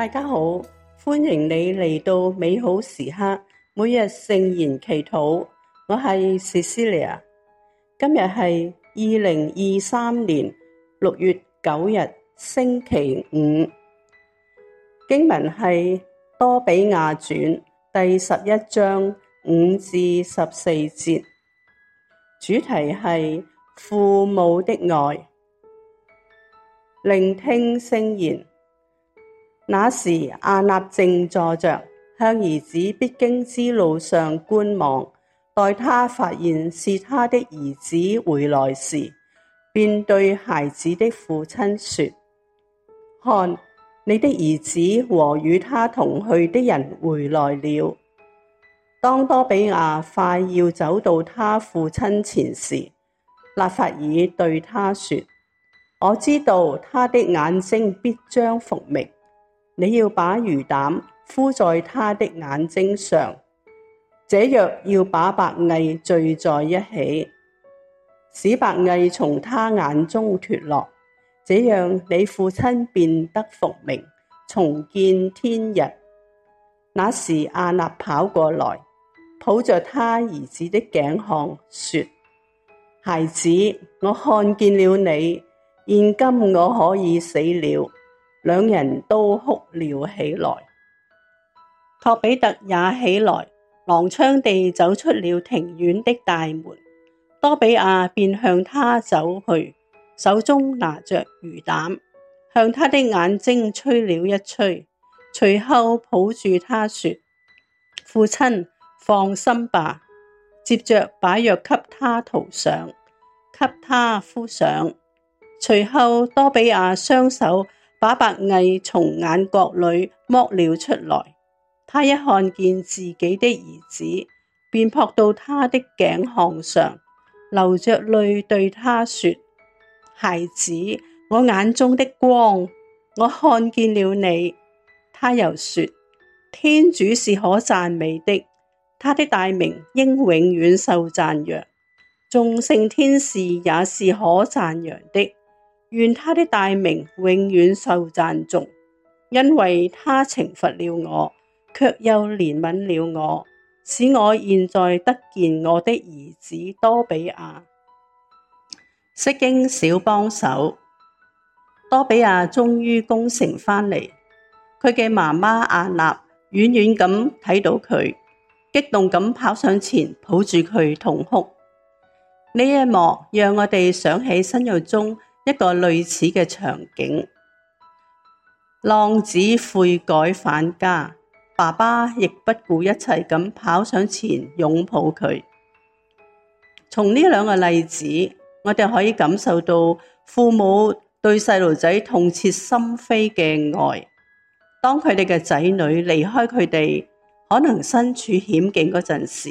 大家好，歡迎你嚟到美好時刻，每日聖言祈禱。我係 Cecilia，今日係二零二三年六月九日星期五，經文係多俾亞傳第十一章五至十四節，主題係父母的愛，聆聽聖言。那時亞納正坐着，向兒子必經之路上觀望，待他發現是他的兒子回來時，便對孩子的父親說：看，你的兒子和與他同去的人回來了。當多俾亞快要走到他父親前時，辣法耳對他說：我知道他的眼睛必將復明。你要把魚膽敷在他的眼睛上，這藥要把白翳聚在一起，使白翳從他眼中脫落。這樣你父親便得復明，重見天日。那時亞納跑過來，抱著他兒子的頸項，說：孩子，我看見了你，現今我可以死了。兩人都哭了起來，托彼特也起來，踉蹌地走出了庭院的大門。多俾亞便向他走去，手中拿着魚膽，向他的眼睛吹了一吹，隨後抱住他說：父親，放心吧。接着把藥給他塗上，給他敷上，隨後多俾亞雙手，把白翳從眼角裏剝了出來，他一看見自己的兒子，便撲到他的頸項上，流着淚對他說：孩子，我眼中的光，我看見了你。他又說：天主是可讚美的，他的大名應永遠受讚揚，眾聖天使也是可讚揚的。願他的大名永遠受讚頌，因為他懲罰了我，却又憐憫了我，使我現在得見我的兒子多俾亞。釋經小幫手，多俾亞終於功成翻嚟，佢嘅媽媽亞納遠遠咁睇到佢，激動咁跑上前抱住佢痛哭。呢一幕讓我哋想起新約中，一個類似嘅場景，浪子悔改返家，爸爸亦不顧一切咁跑上前擁抱佢。從呢兩個例子，我哋可以感受到父母對細路仔痛徹心扉嘅愛。當佢哋嘅仔女離開佢哋，可能身處險境嗰陣時，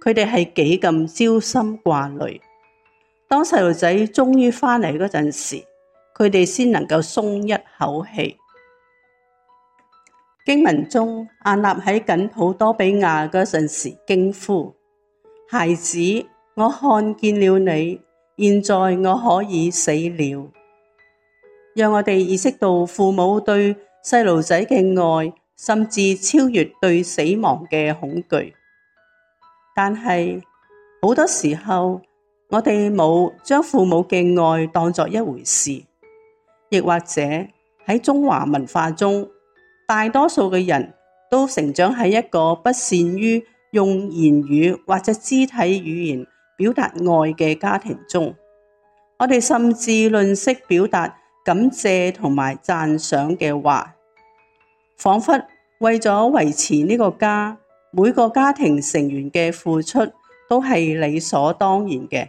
佢哋係幾咁焦心掛慮。當細路仔終於翻嚟嗰陣時，佢哋先能夠鬆一口氣。經文中，亞納喺緊抱多俾亞嗰陣時驚呼：「孩子，我看見了你，現在我可以死了。」讓我哋意識到父母對細路仔嘅愛，甚至超越對死亡嘅恐懼。但係好多時候。我哋冇將父母嘅愛當作一回事，亦或者喺中華文化中，大多數嘅人都成長喺一個不善於用言語或者肢體語言表達愛嘅家庭中。我哋甚至吝嗇表達感謝同埋讚賞嘅話，仿佛為咗維持呢個家，每個家庭成員嘅付出都係理所當然嘅。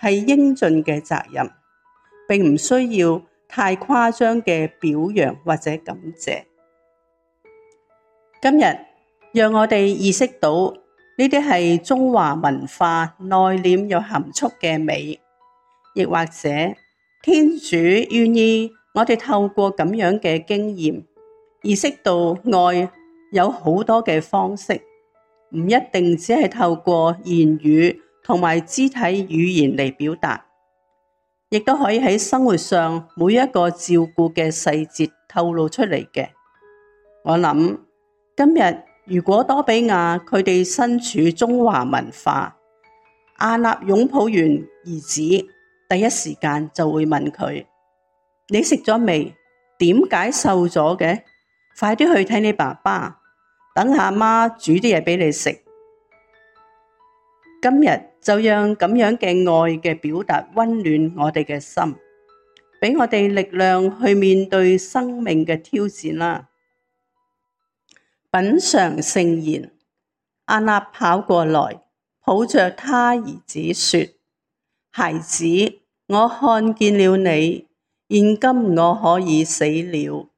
係應盡嘅責任，並唔需要太誇張嘅表揚或者感謝。今日讓我哋意識到呢啲係中華文化內斂又含蓄嘅美，亦或者天主願意我哋透過咁樣嘅經驗，意識到愛有好多嘅方式，唔一定只係透過言語。同埋肢體語言嚟表達，亦都可以喺生活上每一個照顧嘅細節透露出嚟嘅。我諗今日如果多俾亞佢哋身處中華文化，亞納擁抱完兒子，第一時間就會問佢：你食咗未？點解瘦咗嘅？快啲去睇你爸爸，等阿媽煮啲嘢俾你食。今日。就讓咁樣嘅愛嘅表達温暖我哋嘅心，畀我哋力量去面對生命嘅挑戰啦。品嚐聖言，亞納跑過來，抱着他兒子說：「孩子，我看見了你，現今我可以死了。」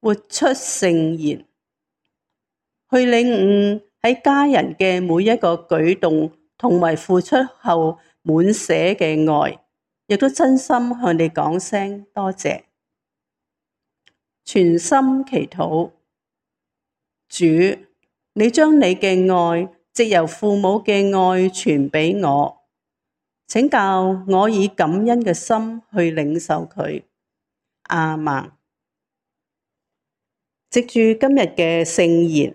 活出聖言，去領悟。喺家人嘅每一個舉動同埋付出後滿滿嘅愛，亦都真心向你講聲多謝。全心祈禱，主，你將你嘅愛，藉由父母嘅愛傳俾我，請教我以感恩嘅心去領受佢。阿們，藉住今日嘅聖言。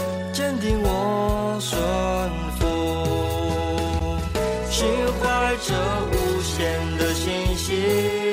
這無限的信息。